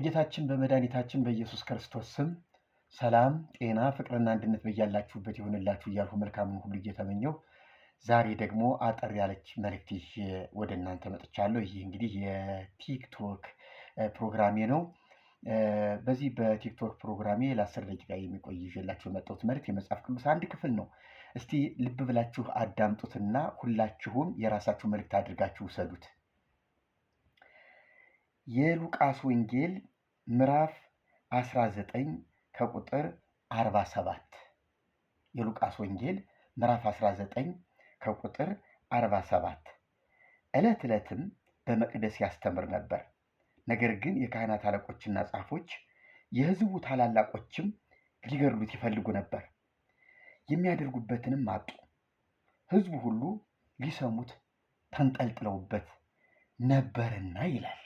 በጌታችን በመድኃኒታችን በኢየሱስ ክርስቶስ ስም ሰላም፣ ጤና፣ ፍቅርና አንድነት በያላችሁበት የሆንላችሁ እያልሁ መልካሙን ሁሉ እየተመኘው ዛሬ ደግሞ አጠር ያለች መልእክት ይዤ ወደ እናንተ መጥቻለሁ። ይህ እንግዲህ የቲክቶክ ፕሮግራሜ ነው። በዚህ በቲክቶክ ፕሮግራሜ ለአስር ደቂቃ የሚቆይ ይዤላችሁ የመጣሁት መልእክት የመጽሐፍ ቅዱስ አንድ ክፍል ነው። እስቲ ልብ ብላችሁ አዳምጡትና ሁላችሁም የራሳችሁ መልእክት አድርጋችሁ ውሰዱት። የሉቃስ ወንጌል ምዕራፍ 19 ከቁጥር 47 የሉቃስ ወንጌል ምዕራፍ 19 ከቁጥር 47 ዕለት ዕለትም በመቅደስ ያስተምር ነበር። ነገር ግን የካህናት አለቆችና ጻፎች የሕዝቡ ታላላቆችም ሊገድሉት ይፈልጉ ነበር፣ የሚያደርጉበትንም አጡ። ሕዝቡ ሁሉ ሊሰሙት ተንጠልጥለውበት ነበርና ይላል።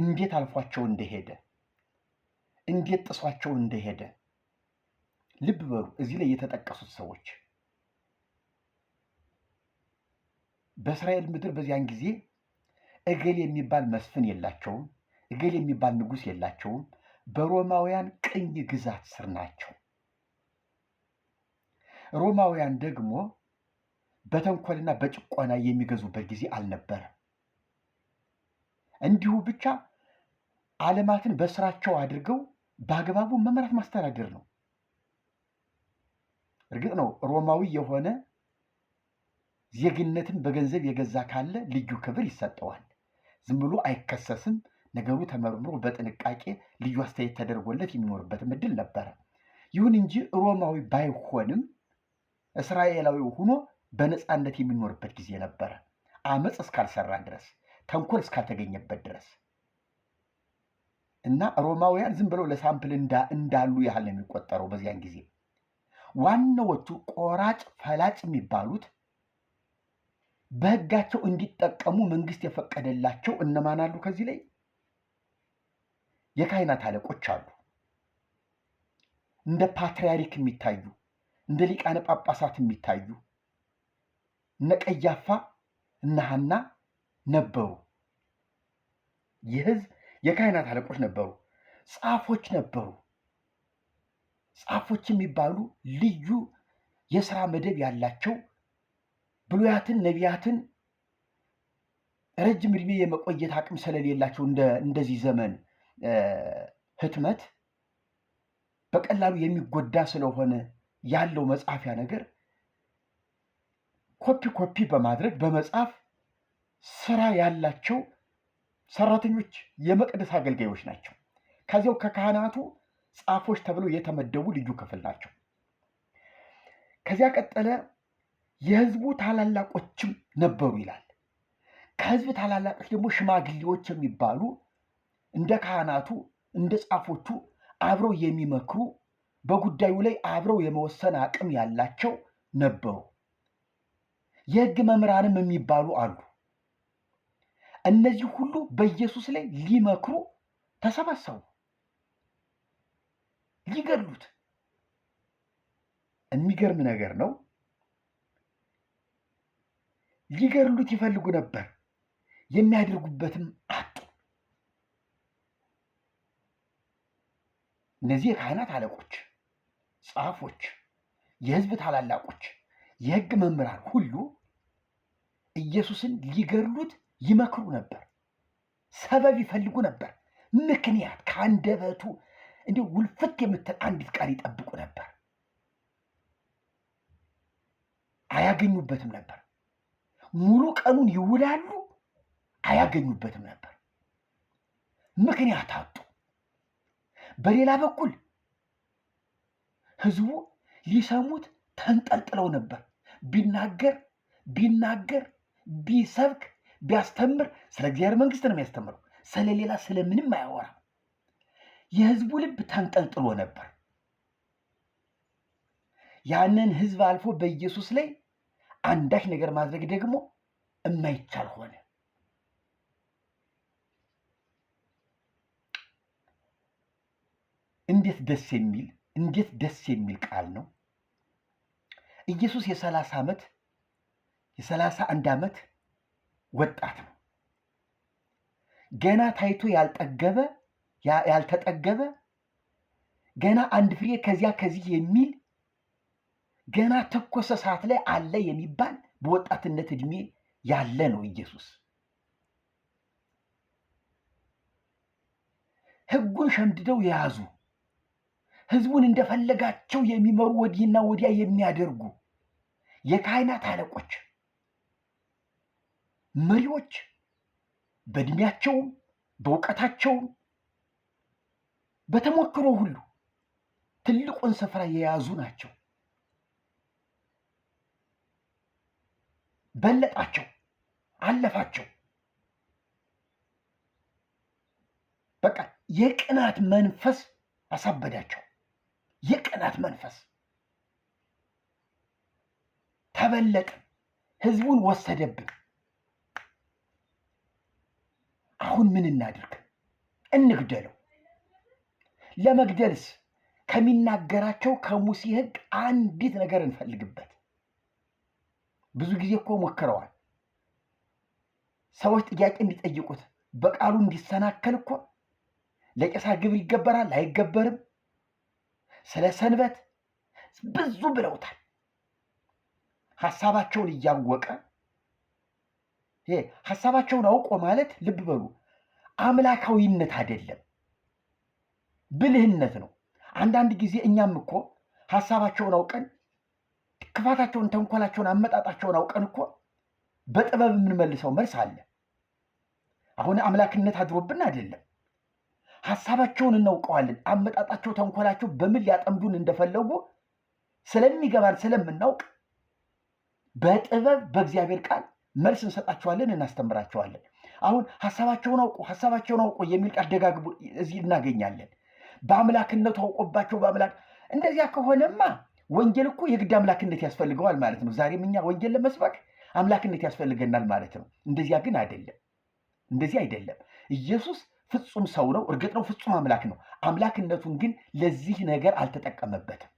እንዴት አልፏቸው እንደሄደ እንዴት ጥሷቸው እንደሄደ ልብ በሉ። እዚህ ላይ የተጠቀሱት ሰዎች በእስራኤል ምድር በዚያን ጊዜ እገሌ የሚባል መስፍን የላቸውም፣ እገሌ የሚባል ንጉሥ የላቸውም። በሮማውያን ቅኝ ግዛት ስር ናቸው። ሮማውያን ደግሞ በተንኮልና በጭቆና የሚገዙበት ጊዜ አልነበረም። እንዲሁ ብቻ ዓለማትን በስራቸው አድርገው በአግባቡ መምራት ማስተዳደር ነው። እርግጥ ነው ሮማዊ የሆነ ዜግነትን በገንዘብ የገዛ ካለ ልዩ ክብር ይሰጠዋል። ዝም ብሎ አይከሰስም። ነገሩ ተመርምሮ በጥንቃቄ ልዩ አስተያየት ተደርጎለት የሚኖርበትም እድል ነበረ። ይሁን እንጂ ሮማዊ ባይሆንም እስራኤላዊ ሆኖ በነፃነት የሚኖርበት ጊዜ ነበረ። አመፅ እስካልሰራ ድረስ፣ ተንኮል እስካልተገኘበት ድረስ እና ሮማውያን ዝም ብለው ለሳምፕል እንዳሉ ያህል ነው የሚቆጠረው። በዚያን ጊዜ ዋናዎቹ ቆራጭ ፈላጭ የሚባሉት በህጋቸው እንዲጠቀሙ መንግስት የፈቀደላቸው እነማን አሉ? ከዚህ ላይ የካህናት አለቆች አሉ። እንደ ፓትርያርክ የሚታዩ እንደ ሊቃነ ጳጳሳት የሚታዩ እነ ቀያፋ እነ ሐና ነበሩ የህዝብ የካህናት አለቆች ነበሩ፣ ጻፎች ነበሩ። ጻፎች የሚባሉ ልዩ የስራ መደብ ያላቸው ብሉያትን፣ ነቢያትን ረጅም እድሜ የመቆየት አቅም ስለሌላቸው እንደዚህ ዘመን ህትመት በቀላሉ የሚጎዳ ስለሆነ ያለው መጻፊያ ነገር ኮፒ ኮፒ በማድረግ በመጻፍ ስራ ያላቸው ሰራተኞች የመቅደስ አገልጋዮች ናቸው። ከዚያው ከካህናቱ ጻፎች ተብለው የተመደቡ ልዩ ክፍል ናቸው። ከዚያ ቀጠለ የህዝቡ ታላላቆችም ነበሩ ይላል። ከህዝብ ታላላቆች ደግሞ ሽማግሌዎች የሚባሉ እንደ ካህናቱ እንደ ጻፎቹ አብረው የሚመክሩ በጉዳዩ ላይ አብረው የመወሰን አቅም ያላቸው ነበሩ። የህግ መምህራንም የሚባሉ አሉ። እነዚህ ሁሉ በኢየሱስ ላይ ሊመክሩ ተሰባሰቡ፣ ሊገድሉት። የሚገርም ነገር ነው። ሊገድሉት ይፈልጉ ነበር፣ የሚያደርጉበትም አጡ። እነዚህ የካህናት አለቆች፣ ጸሐፎች፣ የህዝብ ታላላቆች፣ የህግ መምህራን ሁሉ ኢየሱስን ሊገድሉት ይመክሩ ነበር። ሰበብ ይፈልጉ ነበር። ምክንያት ከአንደበቱ እንዲ ውልፍት የምትል አንዲት ቃል ይጠብቁ ነበር። አያገኙበትም ነበር። ሙሉ ቀኑን ይውላሉ፣ አያገኙበትም ነበር። ምክንያት አጡ። በሌላ በኩል ህዝቡ ሊሰሙት ተንጠልጥለው ነበር። ቢናገር ቢናገር ቢሰብክ ቢያስተምር ስለ እግዚአብሔር መንግስት ነው የሚያስተምረው። ስለሌላ ስለምንም አያወራም። የህዝቡ ልብ ተንጠልጥሎ ነበር። ያንን ህዝብ አልፎ በኢየሱስ ላይ አንዳች ነገር ማድረግ ደግሞ የማይቻል ሆነ። እንዴት ደስ የሚል እንዴት ደስ የሚል ቃል ነው! ኢየሱስ የሰላሳ ዓመት የሰላሳ አንድ ዓመት ወጣት ነው። ገና ታይቶ ያልጠገበ ያልተጠገበ ገና አንድ ፍሬ ከዚያ ከዚህ የሚል ገና ተኮሰ ሰዓት ላይ አለ የሚባል በወጣትነት እድሜ ያለ ነው ኢየሱስ። ሕጉን ሸምድደው የያዙ ሕዝቡን እንደፈለጋቸው የሚመሩ ወዲህና ወዲያ የሚያደርጉ የካህናት አለቆች መሪዎች በእድሜያቸውም በእውቀታቸውም በተሞክሮ ሁሉ ትልቁን ስፍራ የያዙ ናቸው። በለጣቸው፣ አለፋቸው። በቃ የቅናት መንፈስ አሳበዳቸው። የቅናት መንፈስ ተበለጥን፣ ህዝቡን ወሰደብን። አሁን ምን እናድርግ? እንግደለው። ለመግደልስ ከሚናገራቸው ከሙሴ ሕግ አንዲት ነገር እንፈልግበት። ብዙ ጊዜ እኮ ሞክረዋል ሰዎች ጥያቄ እንዲጠይቁት በቃሉ እንዲሰናከል እኮ ለቄሳር ግብር ይገበራል አይገበርም፣ ስለ ሰንበት ብዙ ብለውታል። ሀሳባቸውን እያወቀ ሀሳባቸውን አውቆ ማለት ልብ በሉ አምላካዊነት አይደለም፣ ብልህነት ነው። አንዳንድ ጊዜ እኛም እኮ ሀሳባቸውን አውቀን ክፋታቸውን፣ ተንኮላቸውን፣ አመጣጣቸውን አውቀን እኮ በጥበብ የምንመልሰው መልስ አለ። አሁን አምላክነት አድሮብን አይደለም። ሀሳባቸውን እናውቀዋለን። አመጣጣቸው፣ ተንኮላቸው በምን ሊያጠምዱን እንደፈለጉ ስለሚገባን ስለምናውቅ በጥበብ በእግዚአብሔር ቃል መልስ እንሰጣቸዋለን፣ እናስተምራቸዋለን። አሁን ሀሳባቸውን አውቁ፣ ሀሳባቸውን አውቁ የሚል ቃል ደጋግሞ እዚህ እናገኛለን። በአምላክነቱ አውቆባቸው በአምላክ እንደዚያ ከሆነማ ወንጌል እኮ የግድ አምላክነት ያስፈልገዋል ማለት ነው። ዛሬም እኛ ወንጌል ለመስበክ አምላክነት ያስፈልገናል ማለት ነው። እንደዚያ ግን አይደለም፣ እንደዚህ አይደለም። ኢየሱስ ፍጹም ሰው ነው፣ እርግጥ ነው ፍጹም አምላክ ነው። አምላክነቱን ግን ለዚህ ነገር አልተጠቀመበትም።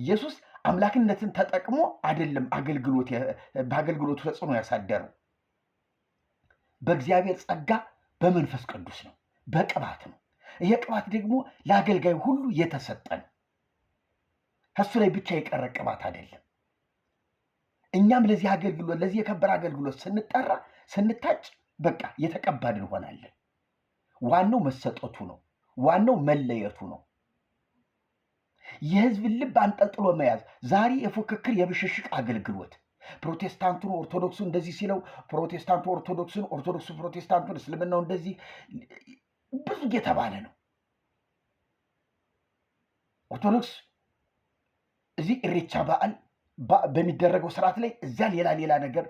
ኢየሱስ አምላክነትን ተጠቅሞ አይደለም አገልግሎት በአገልግሎቱ ተጽዕኖ ያሳደረው በእግዚአብሔር ጸጋ በመንፈስ ቅዱስ ነው፣ በቅባት ነው። ይሄ ቅባት ደግሞ ለአገልጋይ ሁሉ የተሰጠ ነው። ከሱ ላይ ብቻ የቀረ ቅባት አይደለም። እኛም ለዚህ አገልግሎት ለዚህ የከበረ አገልግሎት ስንጠራ ስንታጭ፣ በቃ የተቀባን እንሆናለን። ዋናው መሰጠቱ ነው። ዋናው መለየቱ ነው። የህዝብን ልብ አንጠልጥሎ መያዝ ዛሬ የፉክክር የብሽሽቅ አገልግሎት ፕሮቴስታንቱን ኦርቶዶክሱን እንደዚህ ሲለው ፕሮቴስታንቱ ኦርቶዶክሱን፣ ኦርቶዶክሱ ፕሮቴስታንቱን፣ እስልምናው እንደዚህ ብዙ እየተባለ ነው። ኦርቶዶክስ እዚህ እሬቻ በዓል በሚደረገው ስርዓት ላይ እዚያ ሌላ ሌላ ነገር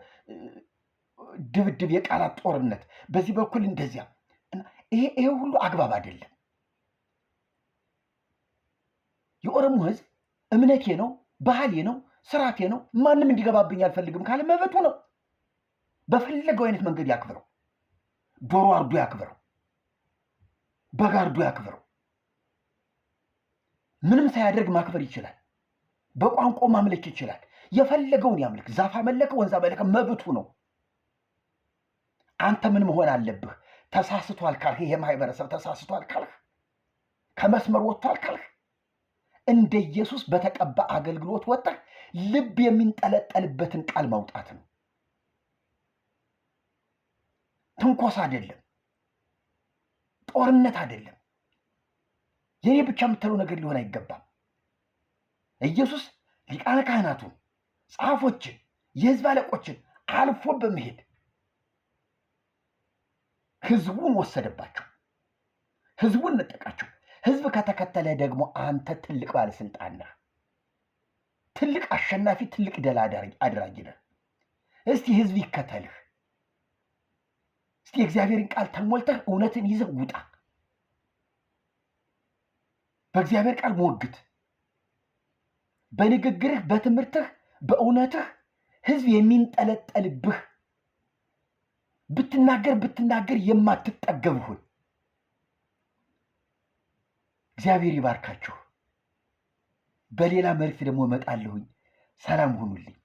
ድብድብ፣ የቃላት ጦርነት፣ በዚህ በኩል እንደዚያ ይሄ ይሄ ሁሉ አግባብ አይደለም። የኦሮሞ ህዝብ እምነቴ ነው ባህሌ ነው ስራቴ ነው። ማንም እንዲገባብኝ አልፈልግም ካለ መበቱ ነው። በፈለገው አይነት መንገድ ያክብረው። ዶሮ አርዶ ያክብረው፣ በጋ አርዶ ያክብረው። ምንም ሳያደርግ ማክበር ይችላል። በቋንቋው ማምለክ ይችላል። የፈለገውን ያምልክ። ዛፍ አመለከ፣ ወንዝ አመለከ፣ መብቱ ነው። አንተ ምን መሆን አለብህ? ተሳስቷል ካልህ፣ ይሄ ማህበረሰብ ተሳስቷል ካልህ፣ ከመስመር ወጥቷል ካልህ እንደ ኢየሱስ በተቀባ አገልግሎት ወጥተህ ልብ የሚንጠለጠልበትን ቃል ማውጣት ነው። ትንኮስ አይደለም፣ ጦርነት አይደለም። የኔ ብቻ የምትለው ነገር ሊሆን አይገባም። ኢየሱስ ሊቃነ ካህናቱን፣ ጸሐፎችን፣ የህዝብ አለቆችን አልፎ በመሄድ ህዝቡን ወሰደባቸው፣ ህዝቡን ነጠቃቸው። ህዝብ ከተከተለ ደግሞ አንተ ትልቅ ባለስልጣን ነህ፣ ትልቅ አሸናፊ፣ ትልቅ ድል አድራጊ ነህ። እስቲ ህዝብ ይከተልህ። እስቲ የእግዚአብሔርን ቃል ተሞልተህ እውነትን ይዘህ ውጣ። በእግዚአብሔር ቃል ሞግት። በንግግርህ፣ በትምህርትህ፣ በእውነትህ ህዝብ የሚንጠለጠልብህ ብትናገር ብትናገር የማትጠገብሁን እግዚአብሔር ይባርካችሁ። በሌላ መልእክት ደግሞ እመጣለሁኝ። ሰላም ሁኑልኝ።